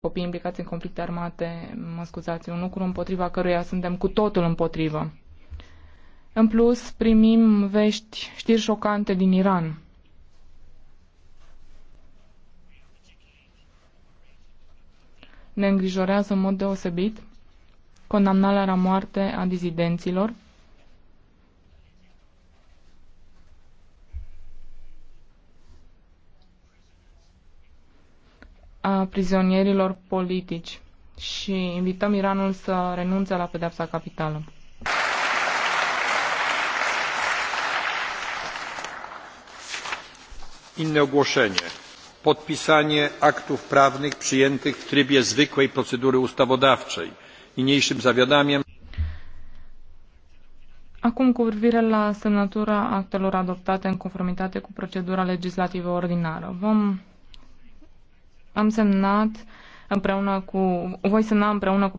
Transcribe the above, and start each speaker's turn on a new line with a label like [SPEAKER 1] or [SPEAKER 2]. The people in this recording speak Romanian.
[SPEAKER 1] copii implicați în conflicte armate, mă scuzați, un lucru împotriva căruia suntem cu totul împotrivă. În plus, primim vești, știri șocante din Iran. Ne îngrijorează în mod deosebit condamnarea la moarte a dizidenților, a prizonierilor politici și invităm Iranul să renunțe la pedepsa capitală.
[SPEAKER 2] Inne ogłoszenie. Podpisanie aktów prawnych przyjętych w trybie zwykłej procedury ustawodawczej. Niniejszym zawiadamiam.
[SPEAKER 1] Acum cu privire la semnătura actelor adoptate în conformitate cu procedura legislativă ordinară. Vom am semnat
[SPEAKER 3] împreună cu, voi semna împreună cu